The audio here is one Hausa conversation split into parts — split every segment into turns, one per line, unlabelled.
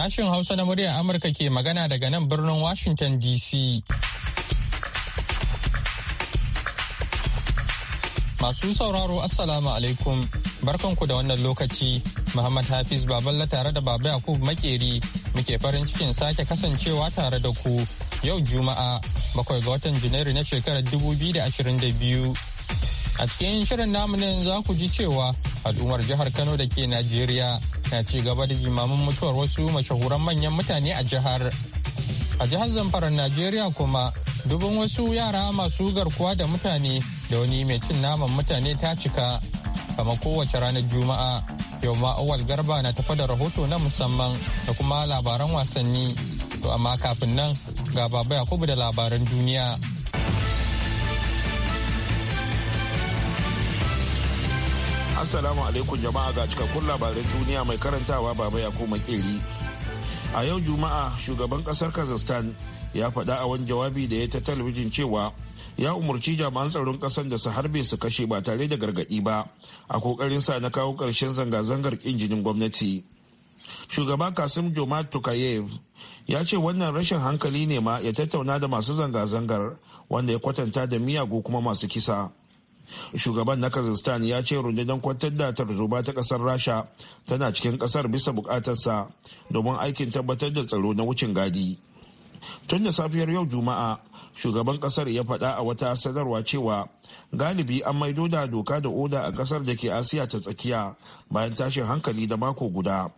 Sashen Hausa na muryar Amurka ke magana daga nan birnin Washington DC. Masu sauraro Assalamu alaikum barkanku da wannan lokaci Muhammad Hafiz Baballa tare da Baba Yakub Makeri muke farin cikin sake kasancewa tare da ku yau Juma'a bakwai ga watan Janairu na shekarar 2022. A cikin shirin namu za ku ji cewa al'ummar jihar kano da ke najeriya na ci gaba da jimamin mutuwar wasu mashahuran manyan mutane a jihar a jihar zamfara najeriya kuma dubin wasu yara masu garkuwa da mutane da wani mai cin naman mutane ta cika kama kowace ranar juma'a yau ma awal garba na tafa da rahoto na musamman da kuma labaran wasanni to amma kafin nan ga baba yakubu da labaran duniya
Assalamu alaikum jama'a ga cikakkun labaran duniya mai karantawa baba ya koma keri. A yau Juma'a shugaban kasar Kazakhstan ya faɗa a wani jawabi da ya ta talabijin cewa ya umarci jami'an tsaron ƙasar da su harbe su kashe ba tare da gargaɗi ba a kokarin sa na kawo ƙarshen zanga-zangar injinin gwamnati. Shugaba Kasim Joma Tukayev ya ce wannan rashin hankali ne ma ya tattauna da masu zanga-zangar wanda ya kwatanta da miyagu kuma masu kisa. shugaban na kazakhstan ya ce rundunar kwantar da tarzoma ta kasar rasha tana cikin kasar bisa bukatarsa domin aikin tabbatar da tsaro na wucin gadi tun da safiyar yau juma'a shugaban kasar ya faɗa a wata sanarwa cewa galibi an maido da doka da oda a kasar da ke asiya ta tsakiya bayan tashin hankali da mako guda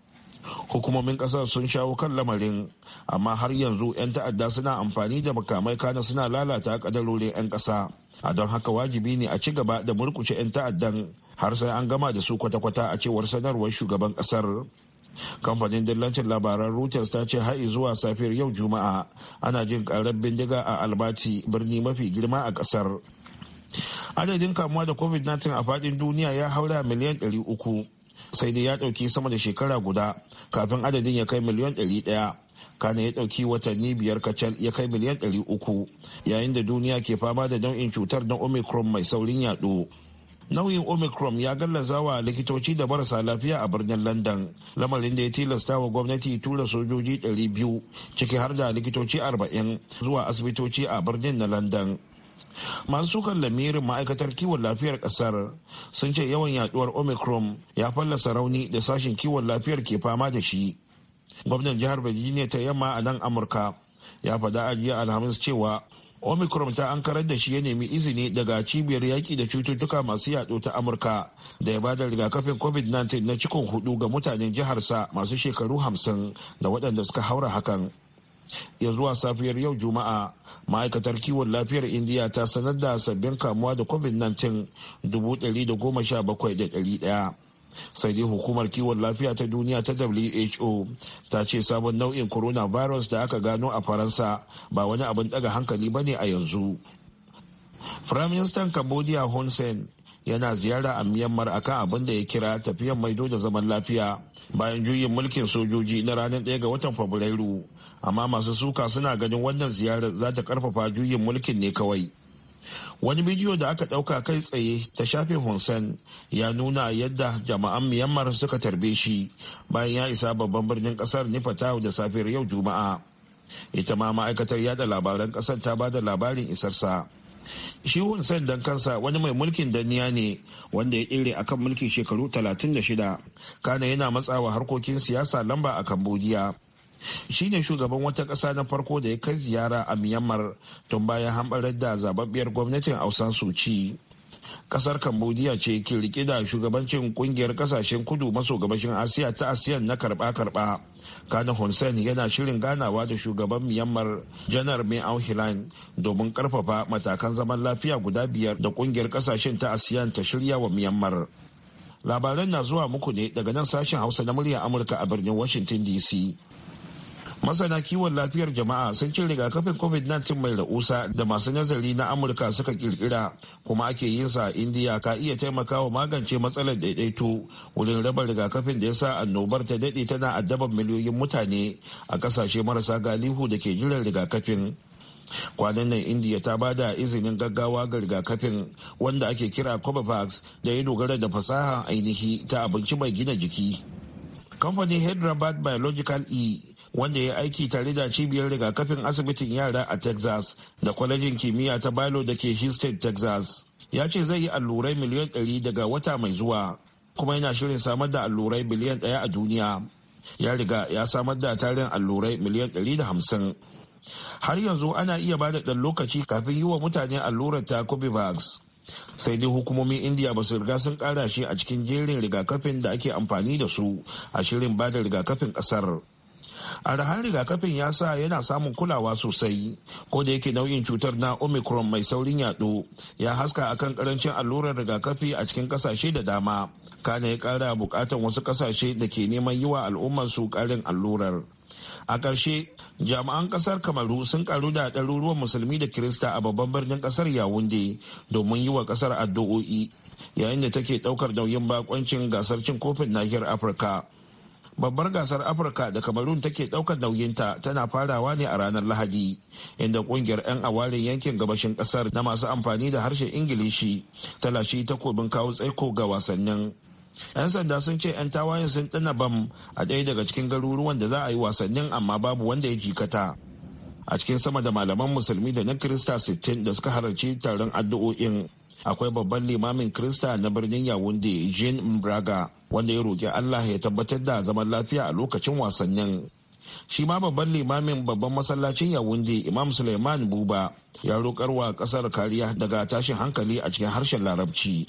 hukumomin kasar sun shawo kan lamarin amma har yanzu 'yan ta'adda suna amfani da makamai kana suna lalata kadarorin 'yan kasa a don haka wajibi ne a ci gaba da murkushe 'yan ta'addan har sai an gama da su kwata-kwata a cewar sanarwar shugaban kasar kamfanin dillancin labaran reuters ta ce har zuwa safiyar yau juma'a ana jin karar bindiga a albati birni mafi girma a kasar adadin kamuwa da covid-19 a fadin duniya ya haura miliyan 300 sai dai ya ɗauki sama da shekara guda kafin adadin ya kai miliyan 100 kana ya ɗauki watanni biyar kacal ya kai miliyan ɗari uku yayin da duniya ke fama da nau'in cutar na omicron mai saurin yaɗo nau'in omicron ya gallaza wa likitoci da marasa lafiya a birnin london lamarin da ya tilasta wa gwamnati tura sojoji ɗari biyu ciki har da likitoci arba'in zuwa asibitoci a birnin na london masu sukan lamirin ma'aikatar kiwon lafiyar kasar sun ce yawan yaduwar omicron ya fallasa rauni da sashen kiwon lafiyar ke fama da shi gwamnan jihar virginia ta yamma a nan amurka ya fada a jiya alhamis cewa omicron ta ankarar da shi ya nemi izini daga cibiyar yaƙi da cututtuka masu yaɗo ta amurka da ya ba da rigakafin covid-19 na cikin hudu ga mutanen jiharsa masu shekaru hamsin da waɗanda suka haura hakan ya zuwa safiyar yau juma'a ma'aikatar kiwon lafiyar indiya ta sanar da sabbin kamuwa da covid-19 da 117,100 sai dai hukumar kiwon lafiya ta duniya ta who ta ce sabon nau'in coronavirus da aka gano a faransa ba wani abin daga hankali ba ne a yanzu firaministan cambodia hun sen yana ziyara a myanmar akan abin da ya kira tafiyan maido da zaman lafiya bayan juyin mulkin sojoji na ranar 1 ga watan fabrairu amma masu suka suna ganin wannan ziyarar za ta karfafa juyin mulkin ne kawai wani bidiyo da aka ɗauka kai tsaye ta shafin hunsan ya nuna yadda jama'an myanmar suka tarbe shi bayan ya isa babban birnin ƙasar Fatahu da safiyar yau juma'a ita ma ma'aikatar yada labaran ƙasar ta ba da labarin isarsa shi hunsan don kansa wani mai mulkin danniya ne wanda ya ƙere akan mulki shekaru 36 kana yana matsawa harkokin siyasa lamba a cambodia shi ne shugaban wata ƙasa na farko da ya kai ziyara a myanmar tun bayan hambarar da zababbiyar gwamnatin ausan suci kasar cambodia ce ke rike da shugabancin kungiyar kasashen kudu maso gabashin asiya ta asiyan na karba-karba kana hussein yana shirin ganawa da shugaban myanmar janar mai auhilan domin karfafa matakan zaman lafiya guda biyar da kungiyar kasashen ta asiyan ta shirya wa myanmar labaran na zuwa muku ne daga nan sashen hausa na murya amurka a birnin washington dc masana kiwon lafiyar jama'a sun cin rigakafin covid-19 mai rausa da masu nazari na amurka suka kirkira kuma ake yin sa a indiya ka iya taimakawa magance matsalar daidaito wurin raba rigakafin da ya sa annobar ta daɗe tana addaban miliyoyin mutane a kasashe marasa galihu da ke jiran rigakafin kwanan nan indiya ta ba da izinin gaggawa ga rigakafin wanda ake kira covavax da ya dogara da fasaha ainihi ta abinci mai gina jiki kamfanin hyderabad biological e wanda ya aiki tare da cibiyar rigakafin asibitin yara a texas da kwalejin kimiyya ta balo da ke houston texas ya ce zai yi allurai miliyan 100 daga wata mai zuwa kuma yana shirin samar da allurai biliyan ɗaya a duniya ya riga ya samar da tarin allurai miliyan 150 har yanzu ana iya ba da ɗan lokaci kafin yi wa mutane allurar ta covivax sai dai hukumomin indiya ba su riga sun kara shi a cikin jerin rigakafin da ake amfani da su a shirin ba da rigakafin kasar arhan rigakafin ya sa yana samun kulawa sosai ko da yake nau'in cutar na omicron mai saurin yaɗo ya haska akan karancin allurar rigakafi a cikin kasashe da dama kana ya kara bukatan wasu kasashe da ke neman yi wa al'ummarsu karin allurar a ƙarshe jami'an ƙasar kamaru sun karu da ɗaruruwan musulmi da kirista a babban birnin ƙasar yawunde domin yi wa ƙasar addu'o'i yayin da take ɗaukar nauyin bakoncin gasar cin kofin nahiyar afirka babbar gasar afirka da kamarun take daukar nauyinta tana farawa ne a ranar lahadi inda kungiyar 'yan awarin yankin gabashin kasar na masu amfani da harshen ingilishi ta lashe takobin kawo tsaiko ga wasannin 'yan sanda sun ce 'yan tawayen sun dana bam a ɗaya daga cikin garuruwan da za a yi wasannin amma babu wanda ya jikata a cikin sama da malaman musulmi da na kirista 60 da suka halarci taron addu'o'in akwai babban limamin krista na birnin yawunde jean mbraga wanda ya roƙi allah ya tabbatar da zaman lafiya a lokacin wasannin shi ma babban limamin babban masallacin yawunde imam suleiman buba ya roƙarwa ƙasar kariya daga tashin hankali a cikin harshen larabci.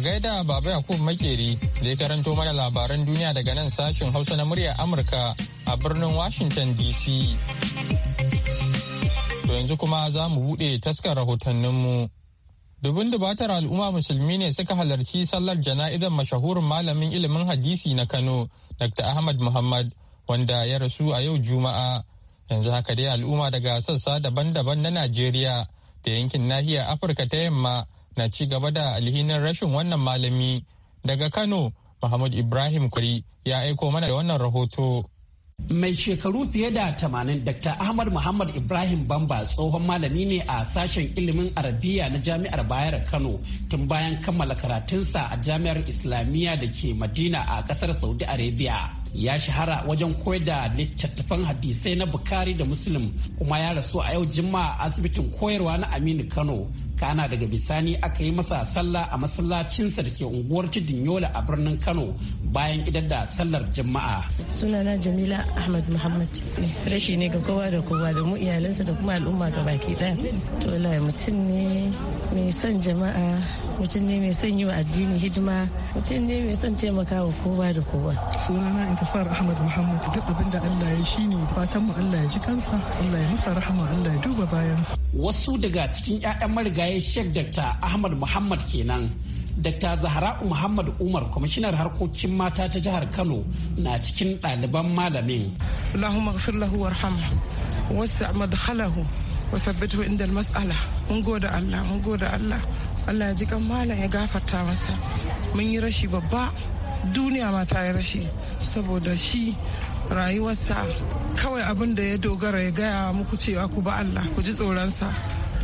A gaida Baba Yakub Makeri zai karanto mana labaran duniya daga nan sashen Hausa na murya Amurka a birnin Washington DC. To yanzu kuma za mu buɗe taskar rahotanninmu. Dubin dubatar al'umma musulmi ne suka halarci sallar jana'izar mashahurin malamin ilimin hadisi na Kano, Dr. Ahmad Muhammad, wanda ya rasu a yau Juma'a. Yanzu haka dai al'umma daga sassa daban-daban na Najeriya da yankin nahiyar Afirka ta yamma na ci gaba da alhinin rashin wannan malami daga Kano Muhammad Ibrahim Kuri ya aiko mana da wannan rahoto. Mai
shekaru fiye da tamanin Dr. Ahmad Muhammad Ibrahim Bamba tsohon malami ne a sashen ilimin Arabiya na Jami'ar Bayar Kano tun bayan kammala karatunsa a Jami'ar Islamiyya da ke Madina a kasar Saudi Arabia. Ya shahara wajen koyar da littattafan hadisai na Bukhari da Muslim kuma ya rasu a yau Juma'a asibitin koyarwa na Aminu Kano kana daga bisani aka yi masa sallah a masallacinsa da ke unguwar tudun yola a birnin kano bayan idar da sallar jama'a
sunana jamila ahmad muhammad rashi ne ga kowa da kowa da mu sa da kuma al'umma ga baki daya to la mutum ne mai son jama'a
mutum ne mai son yi wa addini hidima mutum ne mai son taimaka wa kowa da kowa sunana intisar ahmad muhammad duk abin da allah ya shi ne fatan mu allah ya ji kansa allah ya masa rahama allah ya duba bayansa
wasu daga cikin 'ya'yan marigayi marigayi shek Dr. Ahmad Muhammad kenan. Dr. Zahra'u Muhammad Umar kwamishinar harkokin mata ta jihar Kano na cikin ɗaliban malamin. Allahumma gfir lahu warhamhu wasa madkhalahu wa thabbithu inda mas'ala mun gode Allah mun gode Allah Allah ya ji kan malam ya gafarta masa mun yi rashi babba duniya ma ta yi rashi saboda shi rayuwarsa kawai abin da ya dogara ya gaya muku cewa ku ba Allah ku ji tsoronsa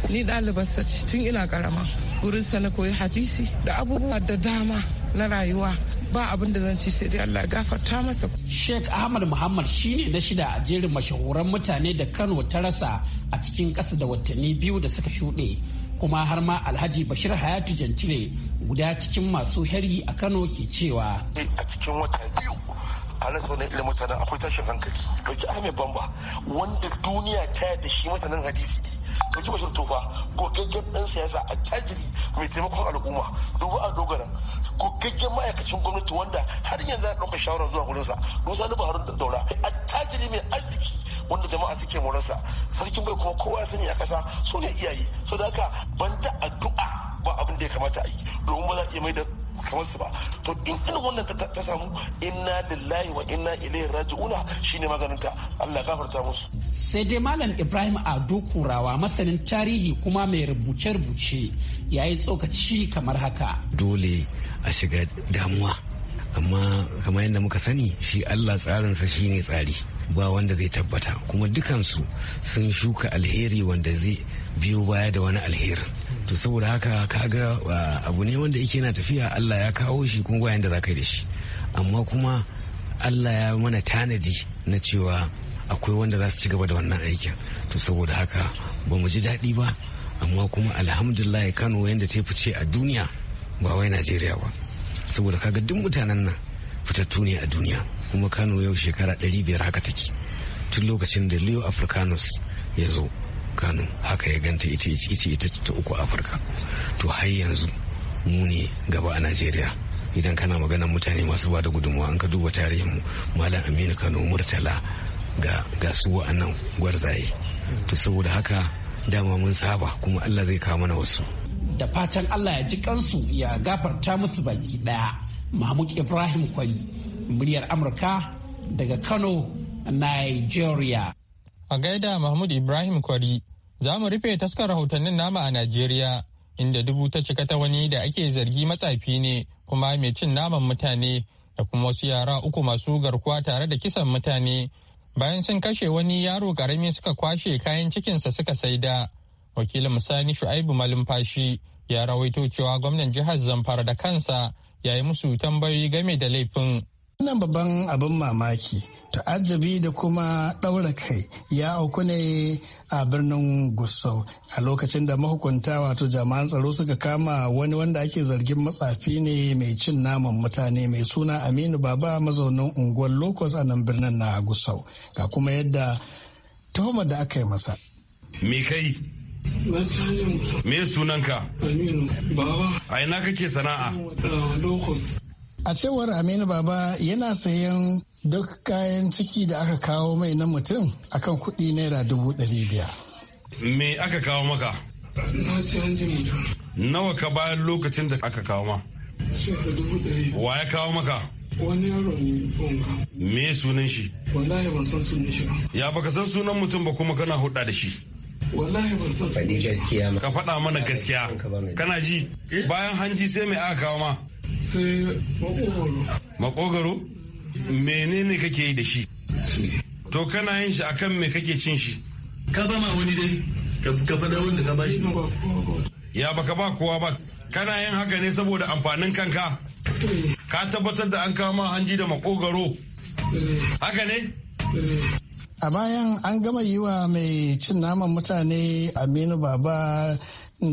ni ɗalibarsa ce tun ina karama wurinsa na koyi hadisi da abubuwa da dama na rayuwa ba abin da zan ci sai dai Allah gafarta masa. Sheikh Ahmad Muhammad shine na shida a jerin mashahuran mutane da Kano ta rasa a cikin ƙasa da watanni biyu da suka shuɗe. Kuma har ma Alhaji Bashir Hayatu Jantile guda cikin masu hari a Kano ke cewa.
A cikin wata biyu a rasa wani ilimin mutanen akwai tashin hankali. ki Ahmed Bamba wanda duniya ta da shi masanin hadisi ne. Buki Bashir Tofa gogaggen ɗan siyasa a tajiri mai taimakon al'umma dubu a dogara gogaggen ma'aikacin gwamnati wanda har yanzu a ɗauka shawara zuwa gurinsa Musa ni Harun Daura a tajiri mai arziki wanda jama'a suke morarsa sarkin bai kuma kowa ya sani a ƙasa su ne iyaye so da haka ta addu'a ba abin da ya kamata a yi domin ba za a iya mai da kamar su ba to in irin wannan ta samu inna lillahi wa inna ilaihi raji'una shine maganinta Allah gafarta musu
sai dai malam Ibrahim Ado Kurawa masanin tarihi kuma mai rubuce-rubuce yayi tsokaci kamar haka
dole a shiga damuwa amma kamar yadda muka sani shi Allah tsarinsa shine tsari ba wanda zai tabbata kuma dukansu sun shuka alheri wanda zai biyo baya da wani alheri. to saboda haka ka ga abu ne wanda yake na tafiya Allah ya kawo shi kuma bayan da za ka yi da shi amma kuma Allah ya mana tanadi na cewa akwai wanda za su ci gaba da wannan aikin to saboda haka ba mu ji daɗi ba amma kuma alhamdulillah Kano yadda ta fice a duniya ba wai Najeriya ba saboda kaga duk mutanen nan fitattu ne a duniya kuma Kano yau shekara 500 haka take tun lokacin da Leo Africanus ya zo kano haka ya ganta ita ita ita ta uku afirka to har yanzu mu ne gaba a najeriya idan kana magana mutane masu ba da gudunmawa an ka duba tarihin malam aminu kano murtala ga ga su wa'annan gwarzaye to saboda haka dama mun saba kuma allah zai kawo mana wasu da fatan
allah ya ji kansu ya gafarta musu baki daya mahmud ibrahim kwali muryar
amurka daga kano nigeria a gaida mahmud ibrahim kwari Za mu rufe taskar rahotannin nama a Najeriya, inda dubu ta cika ta wani da ake zargi matsafi ne kuma mai cin naman mutane da kuma wasu yara uku masu garkuwa tare da kisan mutane. Bayan sun kashe wani yaro karami suka kwashe kayan cikinsa suka saida. Wakilin Musani Shu'aibu Malumfashi ya rawaito cewa gwamnan jihar Zamfara da kansa ya yi musu tambayoyi game da laifin. Wannan
babban abin mamaki, ta'ajabi da kuma ɗaura kai ya auku ne a birnin Gusau a lokacin da mahukunta wato jami'an tsaro suka kama wani wanda ake zargin matsafi ne mai cin naman mutane mai suna Aminu Baba mazaunin unguwar Lokos a nan birnin na Gusau. Ga kuma yadda tuhuma da aka yi masa.
Me kai? Me sunanka? Aminu. Baba. A ina kake sana'a? Lokos.
A cewar Aminu Baba yana sayan duk kayan ciki da aka kawo mai na mutum akan kuɗi naira dubu ɗari biyar.
Me aka kawo maka? Na ce mutum. Nawa ka bayan lokacin da aka kawo ma? dubu ɗari. Wa ya kawo maka?
Wani yaro ne bonga.
Me sunan shi?
Wallahi ban san sunan shi ba.
Ya baka san sunan mutum ba kuma kana hudda da shi. wallahi ban san sunan gaskiya ka faɗa mana gaskiya kana ji eh? bayan hanji sai mai aka kawo ma sai makogaro makogaro menene kake yi da shi to kana yin shi akan me kake cin shi ka ba ma wani dai ka faɗa wanda ka ba shi ya baka ba kowa ba kana yin haka ne saboda amfanin kanka ka tabbatar da an kama hanji da makogaro haka ne
a bayan an gama yi wa mai cin naman mutane aminu baba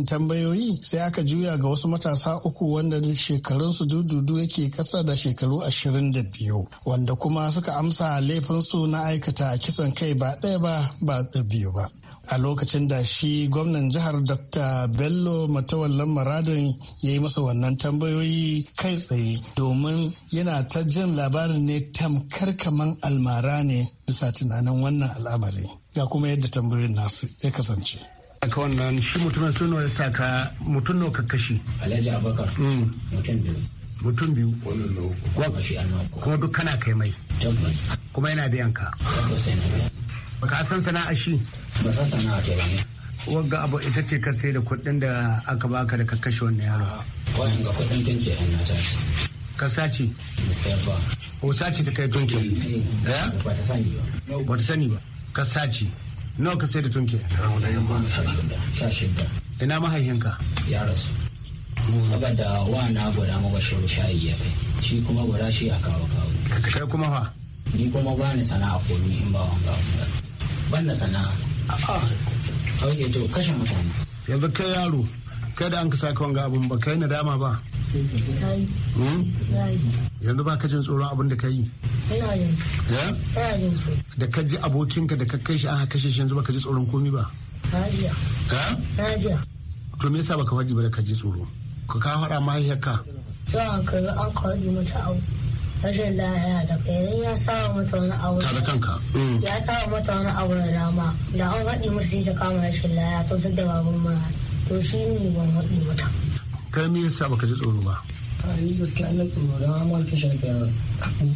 tambayoyi sai aka juya ga wasu matasa uku wanda shekarunsu dududu yake kasa da shekaru ashirin da biyu wanda kuma suka amsa laifin su na aikata a kisan kai ba ɗaya ba ba biyu ba a lokacin da shi gwamnan jihar dr bello matawallan maradin ya yi masa wannan tambayoyi kai tsaye domin yana ta jin labarin ne tamkar kaman almara ne bisa tunanin wannan al'amari ga kuma yadda tambayoyin nasu ya kasance
aka wannan shi mutumin suno ya sa ka mutum nawa ka kashi alhaji abakar mm.
mutum biyu mutum biyu
kuma duk kana kai mai kuma yana biyan ka baka san sana'a shi ba san sana'a ke ba ne wagga abu ita ce ka sai da kuɗin da aka baka da ka kashe wannan yaro wannan ga kuɗin tunke yana ta ka sace ba ko sace ta kai tunke eh, eh, eh? ba ta sani ba ka sace nawa ka sai da tunki ina mahaifinka? ya rasu
hmm. saboda wa na gwada bashi shayi ya kai shi kuma gwada shi a kawo kawo kai kuma fa ni kuma ba ni sana'a ko ni in ba wanga ban da sana'a sauke to kashe mutane
yanzu kai yaro kai da an ka saka wanga abun ba kai nadama ba
Hmm?
yanzu ba ka jin tsoron abin da ka yi da ka ji abokinka da ka kai shi aka kashe shi yanzu ba ka ji tsoron komi ba to me yasa ka faɗi ba da ka ji tsoro ka ka faɗa mahaifiyarka za ka ga an faɗi mata abu rashin lahiya da kairin ya sawa mata wani abu tare kanka hmm. ya sa mata wani abu da dama da an faɗi mata sai ta kama rashin lahiya to duk da babun mura to shi ne ban faɗi mata kai me yasa baka ji tsoro ba ni gaskiya na tsoro don amal ka shirka yaro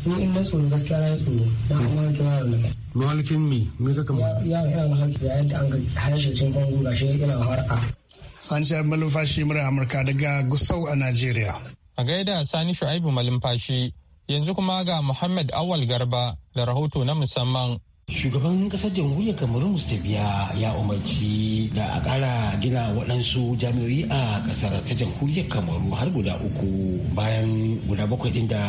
ni in na
tsoro gaskiya na tsoro don amal ka yaro na mahalikin mi me ka Ya yaro yana mahalikin da yadda an ga harshe cin kwangu gashi yana har'a sani shaibu malumfashi murar amurka daga gusau a najeriya
a gaida sani shu'aibu malumfashi yanzu kuma ga muhammad awal garba da rahoto na musamman shugaban kasar jamhuriyar Mr. biya
ya umarci da a kara gina waɗansu jami'o'i a ƙasar ta jamhuriyar kamaru har guda uku bayan guda bakwai ɗin da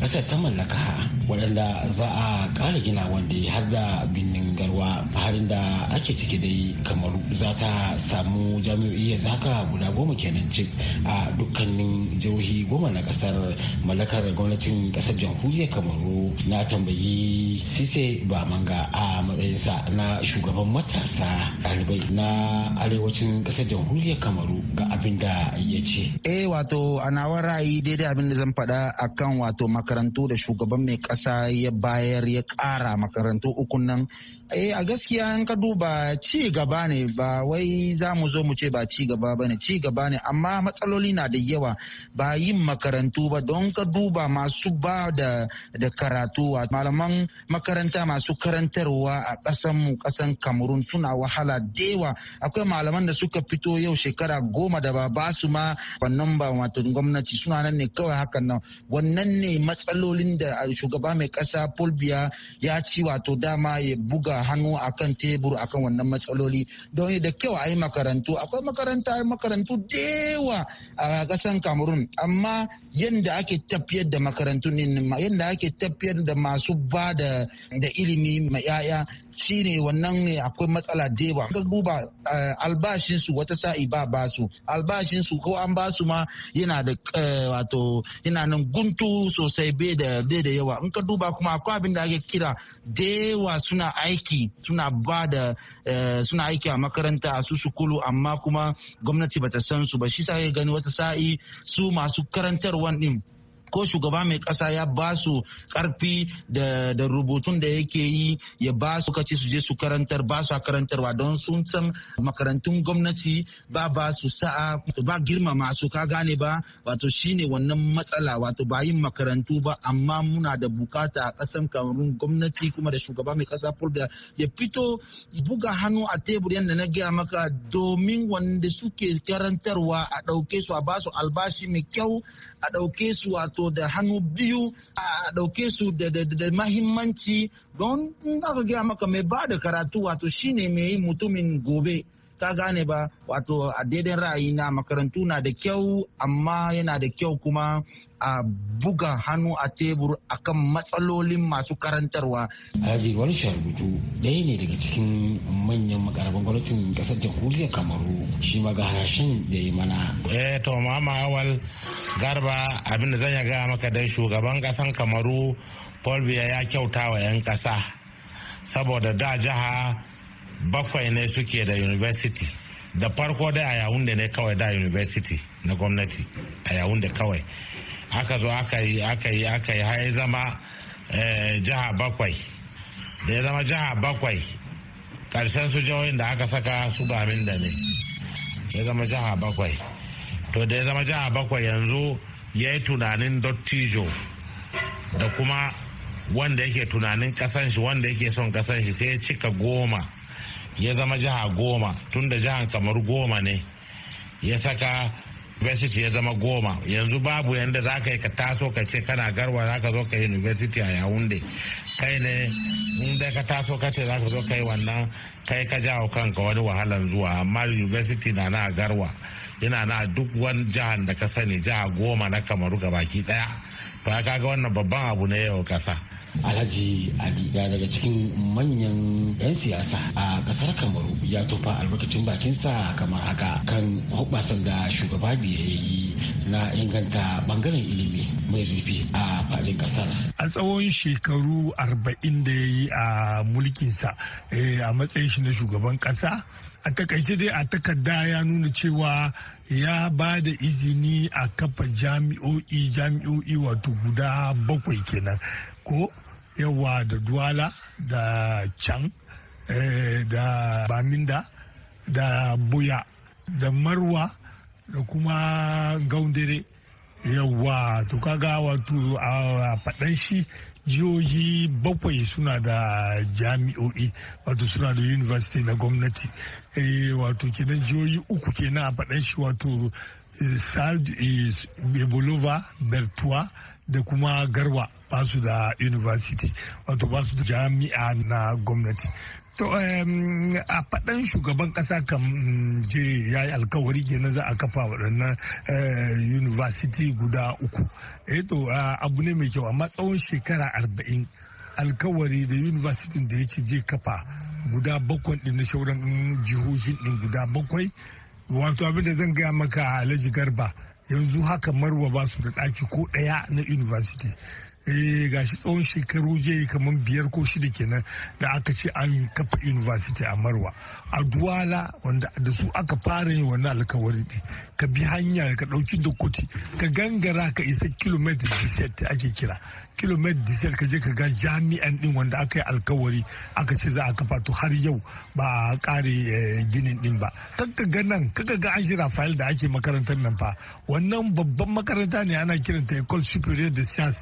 ƙasar ta mallaka waɗanda za a kara gina wanda har da birnin garwa harin da ake cike dai kamaru za ta samu jami'o'i yanzu haka guda goma kenan cik a dukkanin jihohi goma na ƙasar. mallakar gwamnatin ƙasar jamhuriyar kamaru na tambayi sise ba Manga a matsayinsa na shugaban matasa ɗalibai na arewacin ƙasar jamhuriyar Kamaru ga abin da ya ce.
Eh wato a nawa ra'ayi daidai abin da zan faɗa akan wato makarantu da shugaban mai ƙasa ya bayar ya ƙara makarantu ukun nan Eh a gaskiya in ka duba ci gaba ne ba wai za mu zo mu ce ba ci gaba ba ne ci gaba ne amma matsaloli na da yawa ba yin makarantu ba don ka duba masu ba da, da karatu malaman makaranta masu karantarwa a ƙasan mu ƙasan Kamerun suna wahala dewa akwai malaman da suka fito yau shekara goma da ba ba su ma wannan ba wato gwamnati suna nan ne kawai hakan nan wannan ne matsalolin da shugaba mai ƙasa Paul Biya ya ci wato dama ya buga hannu akan tebur akan wannan matsaloli don da kyau a yi makarantu akwai makaranta makarantu dewa a kasan cameroon amma yadda ake tafiyar da makarantu yadda ake tafiyar da masu ba da ilimi ma 'ya'ya shine wannan ne akwai matsala da yawa ka duba eh, albashin su wata sa'i ba ba su albashin su ko an ba su ma yana da eh, wato yana nan guntu sosai bai da da yawa in ka duba kuma akwai abin da ake kira da suna aiki suna ba da eh, suna aiki a makaranta a su sukulu amma kuma gwamnati bata san su ba shi sa gani wata sa'i su masu karantarwan din ko shugaba mai kasa ya ba su karfi da, rubutun da yake yi ya ba su kace su je su karantar ba su karantarwa don sun san makarantun gwamnati ba ba su sa'a ba girmama masu ka gane ba wato shine wannan matsala wato ba yin makarantu ba amma muna da bukata a kasan kamarun gwamnati kuma da shugaba mai kasa fulga ya fito buga hannu a tebur yadda na gaya maka domin wanda suke karantarwa a dauke su a ba su albashi mai kyau a dauke su wato wato da hannu biyu a ɗauke su da mahimmanci don za ka gaya maka mai ba da karatu wato shine mai mutumin gobe. ka gane ba wato a daidai ra'ayi na makarantu na da kyau amma yana da kyau kuma a buga hannu a tebur akan matsalolin masu karantarwa. Alhaji wani rubutu
ɗaya ne daga cikin manyan makarabin gwamnatin ƙasar jamhuriyar Kamaru shi ma ga harashin da ya mana.
Eh to mama awal garba abinda zan gaya maka dai shugaban ƙasan Kamaru Paul ya kyauta wa 'yan ƙasa saboda da jiha bakwai ne suke da university da farko dai a yawun da ne kawai da university na gwamnati a yawun da kawai aka zo aka yi aka yi aka yi har zama eh, jiha bakwai da ya zama jiha bakwai karshen su jihohin da aka saka su min da ne ya zama jiha bakwai to da ya zama jiha bakwai yanzu ya yi tunanin dottijo da kuma wanda yake tunanin kasan shi wanda yake son kasan shi sai ya cika goma ya zama jiha goma tunda jihar kamar goma ne ya saka university ya zama goma yanzu babu yadda za ka yi ka taso ka ce kana garwa za ka zo ka yi university a da kai ne inda ka taso ka ce za ka zo ka yi wannan kai ka jawo kanka wani wahalan zuwa amma university na na garwa yana na duk wani jihar da ka sani jiha goma na kamaru ga baki daya to ka ga wannan babban abu ne yau kasa
alhaji ali ya daga cikin manyan 'yan siyasa a kasar kamaru ya tofa albarkacin bakinsa kamar haka kan hoɓasan da shugaba biya yi na inganta bangaren ilimi mai zurfi a faɗin kasar
a tsawon shekaru arba'in da ya yi a mulkinsa eh, a matsayin shi na shugaban ƙasa a takaice dai a takarda ya nuna cewa ya ba da izini a kafa jami'o'i jami'o'i wato guda bakwai kenan ko yawa da duwala da can eh, da baminda da buya da marwa da kuma gaundere yawa to kaga wato a faɗan shi jihohi bakwai suna da jami'o'i wato suna da university na gwamnati eh, wato kenan jihohi uku kenan a faɗan shi wato south east bolova da kuma garwa ba su da university wato ba su da jami'a na gwamnati To a faɗan shugaban ƙasa kan mm, je ya yi alkawari kenan za a kafa waɗannan eh, university guda uku. Eh to abu ne mai kyau amma tsawon shekara arba'in alkawari da university da ya ce je kafa guda bakwai ɗin na shauran jihohin ɗin guda bakwai. Wato abin da zan gaya maka Alhaji Garba. yanzu haka marwa ba su da ɗaki ko ɗaya na university eh gashi tsawon shekaru je kamar biyar ko shida kenan da aka ce an kafa university a marwa a duwala wanda da su aka fara yin wannan alkawari ne ka bi hanya ka dauki dokoti ka gangara ka isa kilomita a ake kira kilomita 17 ka je ka ga jami'an din wanda aka yi alkawari aka ce za a kafa to har yau ba a kare eh, ginin din ba kanka ga nan kakka ga an shi fayil da ake makarantar nan fa wannan babban makaranta ne ana kiranta ecole supérieure de sciences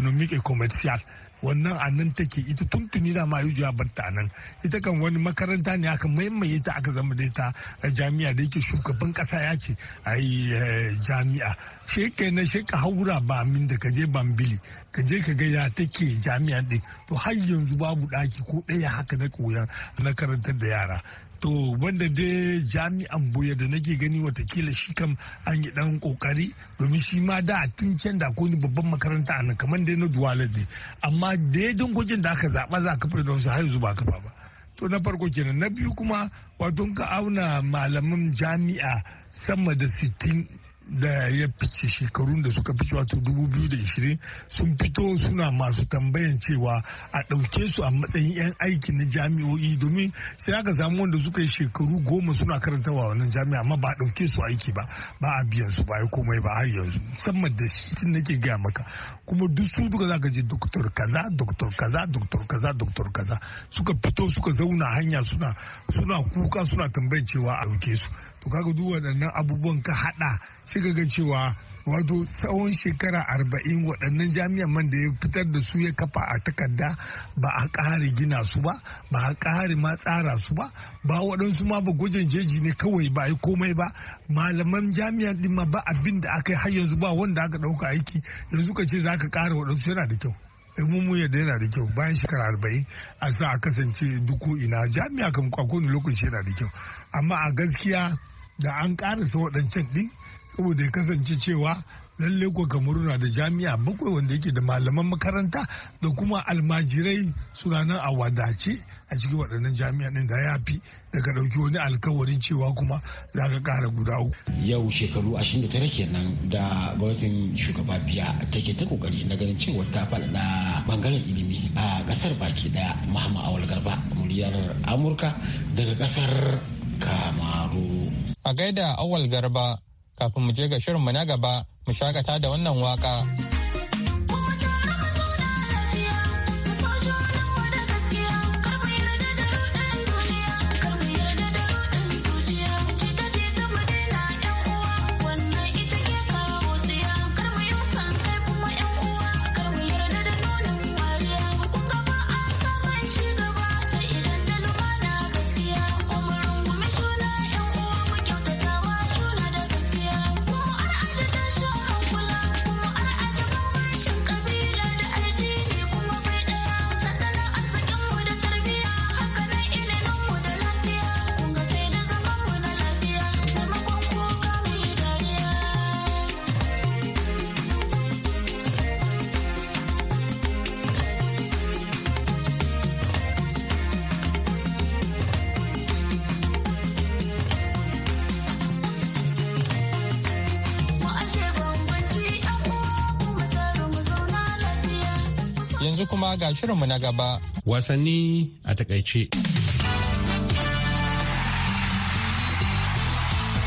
economic et commercial wannan a nan take ita tuntuni da ma yujuwa barta nan ita kan wani makaranta ne aka maimaye ta aka zama da ita a jami'a da yake shugaban kasa ya ce a eh, jami'a shi na shi ka haura ba min da kaje bambili ka je ka gaya ya take jami'a din to har yanzu babu daki ko ɗaya haka na koyan na karantar da yara to wanda dai jami'an boye da nake gani watakila shi kam an yi dan kokari domin shi ma da tun can da ko ni babban makaranta a nan kamar dai na duwala ne amma don gwajin da aka zaba za ka fara don har yanzu ba kafa ba to na farko kenan na biyu kuma wato ka auna malamin jami'a sama da sittin da ya fice shekarun da suka fice wato 2020 sun fito suna masu tambayan cewa a ɗauke su a matsayin 'yan aiki na jami'o'i domin sai aka samu wanda suka yi shekaru goma suna karanta wa wannan jami'a amma ba a ɗauke su aiki ba ba a biyan su ba ya komai ba har yanzu musamman da shi nake gaya maka kuma duk su duka za ka je doktor kaza doktor kaza doktor kaza doktor kaza suka fito suka zauna hanya suna suna kuka suna tambayan cewa a ɗauke su to kaga duk waɗannan abubuwan ka haɗa shi ga cewa wato tsawon shekara arba'in waɗannan jami'an man da ya fitar da su ya kafa a takarda ba a ƙare gina su ba ba a ƙare ma tsara su ba ba waɗansu ma ba gwajin jeji ne kawai ba yi komai ba malaman jami'an din ma ba abin da aka yi har yanzu ba wanda aka ɗauka aiki yanzu ka ce za ka ƙara waɗansu yana da kyau eh, mun mu yadda yana da kyau bayan shekara arba'in a sa a kasance duk ina jami'a kan a lokaci yana da kyau amma a gaskiya da an karasa waɗancan ɗin saboda ya kasance cewa lalle ko kamaru na da jami'a bakwai wanda yake da malaman makaranta da kuma almajirai suna nan a wadace a cikin waɗannan jami'a ɗin da ya fi daga ɗauki wani alkawarin cewa kuma za ka ƙara guda uku.
yau shekaru ashirin da tara kenan da gwamnatin shugaba biya take ta kokari na ganin cewa ta faɗaɗa bangaren
ilimi a ƙasar baki ɗaya mahama awal garba muryar amurka daga ƙasar kamaru. A gaida awal garba kafin mu je ga shirinmu na gaba mu shakata da wannan waka. yanzu kuma ga shirinmu na gaba. Wasanni a takaice.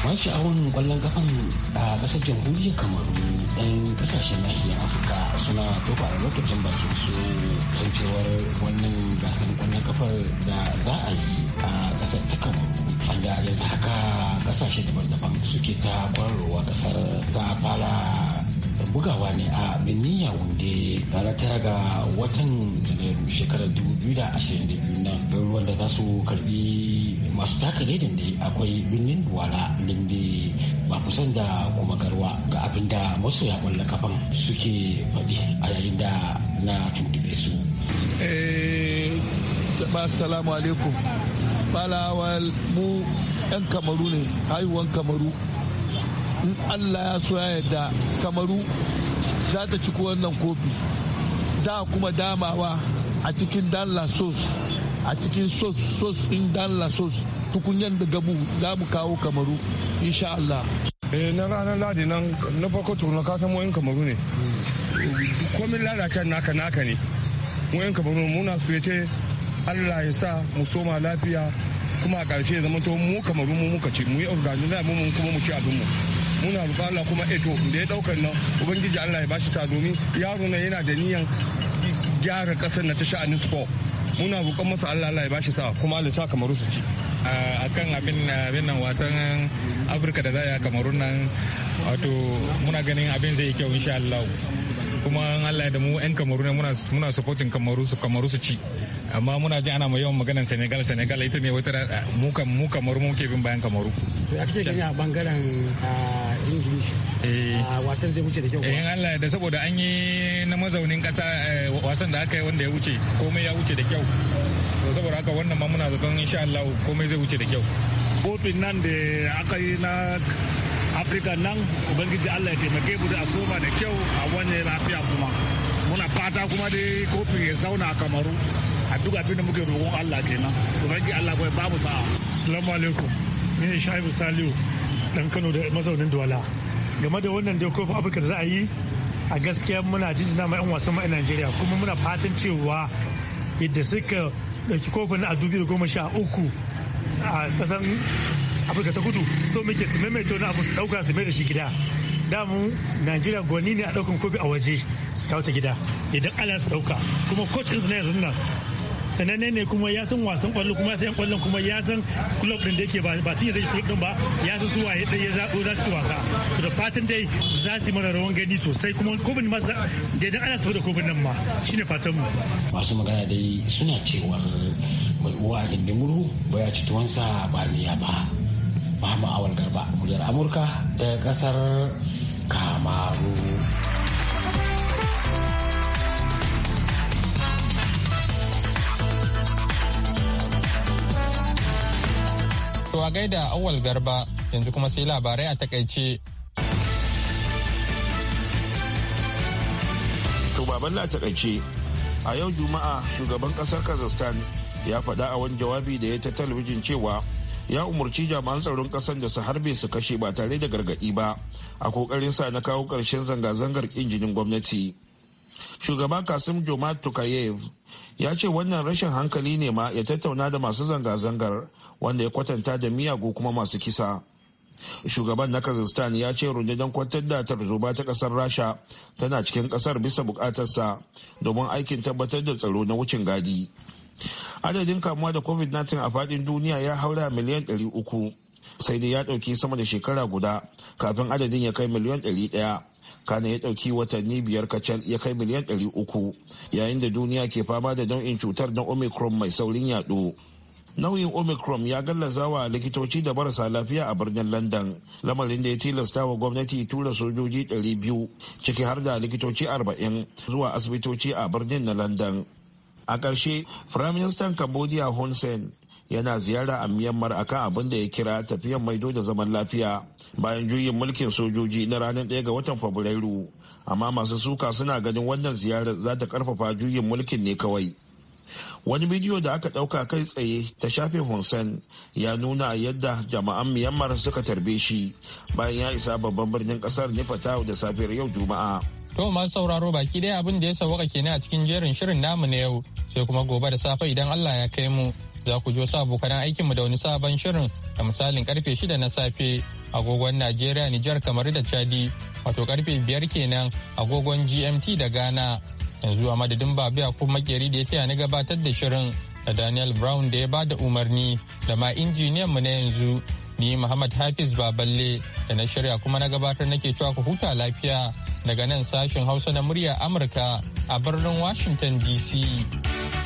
Mashi awon kwallon kafan a kasar jamhuriyar
Kamaru ɗan kasashen nahiyar Afirka suna tofa da lokacin bakin su kan cewar wannan gasar kwallon kafar da za a yi a kasar ta Kamaru. da yanzu haka kasashe daban-daban suke ta kwararwa kasar za a fara bugawa ne a Benin Yaounde ranar tara ga watan Janairu shekarar 2022 nan ruwan da za su karbi masu taka daidan da akwai birnin Duwala Limbe ba kusan da kuma garwa ga abin da ya kwalla kafan suke faɗi a yayin da na tuntube su.
Eh, alaikum. Balawal mu 'yan kamaru ne, haihuwan kamaru. in allah ya so ya yadda kamaru za ta ci wannan kofi za kuma damawa a cikin dan lasos a cikin sos sos in dan lasos tukunyan da gabu za mu kawo kamaru insha allah eh na ranar ladi nan na farko tukuna ka san wayan kamaru ne komin lalacen naka naka ne wayan kamaru muna fete allah ya sa mu soma lafiya kuma a ƙarshe zama to mu kamaru mu muka ci mu yi organizer mu kuma mu ci abin mu muna bukala kuma eto eh, da ya ɗaukar nan ubangiji Allah ya bashi ta domin yaro na yana da niyan gyara kasar na ta sha'anin sport muna roƙon masa Allah Allah ya bashi sa kuma Allah sa kamaru su ci a
kan abin nan wasan Afirka da za a kamaru nan wato muna ganin abin zai yi kyau insha Allah kuma an Allah da mu 'yan kamaru ne muna supporting kamaru su kamaru su ci amma muna ji ana mai yawan maganar senegal senegal ita ne wata mu kamaru mu ke bin bayan kamaru
da kake gani a bangaren ingilishi eh. wasan zai wuce da kyau eh Allah da
saboda an yi na mazaunin kasa eh, wasan da aka yi wanda ya wuce komai ya wuce da kyau to saboda haka wannan ma muna zaton insha Allah komai zai wuce da kyau kofin nan da aka yi na afirka nan ubangiji allah ya
taimake mu da a soma da kyau a wani lafiya kuma muna fata kuma da kofin ya zauna a kamaru a duk abin da muke roƙon allah kenan ubangiji allah ba babu sa'a
assalamu
alaikum ni ne shaibu saliu dan kano da mazaunin duwala game da wannan da kofin afirka da za a yi a gaskiya muna jinjina ma 'yan wasan ma'ai najeriya kuma muna fatan cewa yadda suka ɗauki kofin a dubi da goma sha uku a ƙasar afirka ta kudu so muke su maimaita wani abu su dauka su mai da shi gida damu najeriya gwani ne a daukan kofi a waje su kawo ta gida idan allah su dauka kuma coach din su na yanzu nan sananne ne kuma ya san wasan kwallo kuma sai kwallon kuma ya san club din da yake ba tun zai club din ba ya san su waye ya zabo za su wasa to da fatan dai za su mana rawan gani sosai kuma kofin ma da idan ana su da kofin nan ma shine fatan mu
masu magana dai suna cewa mai uwa gindin murhu ba ya ci tuwansa ba ya ba Mama Awal Garba, muryar Amurka daga kasar Kamaru.
Tuwa gaida Awal Garba yanzu kuma sai labarai a takaice.
Tubaban a takaice, a yau Juma'a shugaban ƙasar Kazakhstan ya faɗa a wani jawabi da ya ta talabijin cewa ya umarci jami'an tsaron kasan da su harbe su kashe ba tare da gargaɗi ba a kokarin sa na kawo ƙarshen zanga-zangar injinin gwamnati shugaba kasim joma tukayev ya ce wannan rashin hankali ne ma ya tattauna da masu zanga-zangar wanda ya kwatanta da miyagu kuma masu kisa shugaban na kazakhstan ya ce rundunar kwantar da tarzoma ta kasar rasha tana cikin kasar bisa bukatarsa domin aikin tabbatar da tsaro na wucin gadi adadin kamuwa da covid-19 a fadin duniya ya haura miliyan 300 sai dai ya dauki sama da shekara guda kafin adadin ya kai miliyan 100 kana ya dauki watanni biyar kacal ya kai miliyan 300 yayin da duniya ke fama da nau'in cutar na omicron mai saurin yaɗo nauyin omicron ya gallaza wa likitoci da marasa lafiya a birnin london lamarin da ya tilasta wa gwamnati tura sojoji 200 ciki har da likitoci 40 zuwa asibitoci a birnin na london a ƙarshe firaministan cambodia hun sen yana ziyara a myanmar akan abin da ya kira tafiyan maido da zaman lafiya bayan juyin mulkin sojoji na ranar 1 ga watan fabrairu amma masu suka suna ganin wannan ziyarar za ta karfafa juyin mulkin ne kawai wani bidiyo da aka ɗauka kai tsaye ta shafin Hunsen ya nuna yadda jama'an Myanmar suka tarbe shi bayan ya isa babban birnin ƙasar Nefatau da safiyar yau Juma'a.
To masu sauraro baki ɗaya abin da ya sauwaka kenan a cikin jerin shirin namu na yau sai kuma gobe da safe idan Allah ya kai mu za ku ji wasu abokan aikinmu da wani sabon shirin da misalin karfe shida na safe agogon Najeriya Nijar kamar da Chadi wato karfe biyar kenan agogon GMT da Ghana yanzu a madadin babiya ko makeri da ya taya ni gabatar da shirin da Daniel Brown da ya ba da umarni da ma injiniyan mu na yanzu Ni Muhammad Hafiz Baballe da na shirya kuma na gabatar nake cewa ku huta lafiya daga nan sashen Hausa na murya Amurka a birnin Washington DC.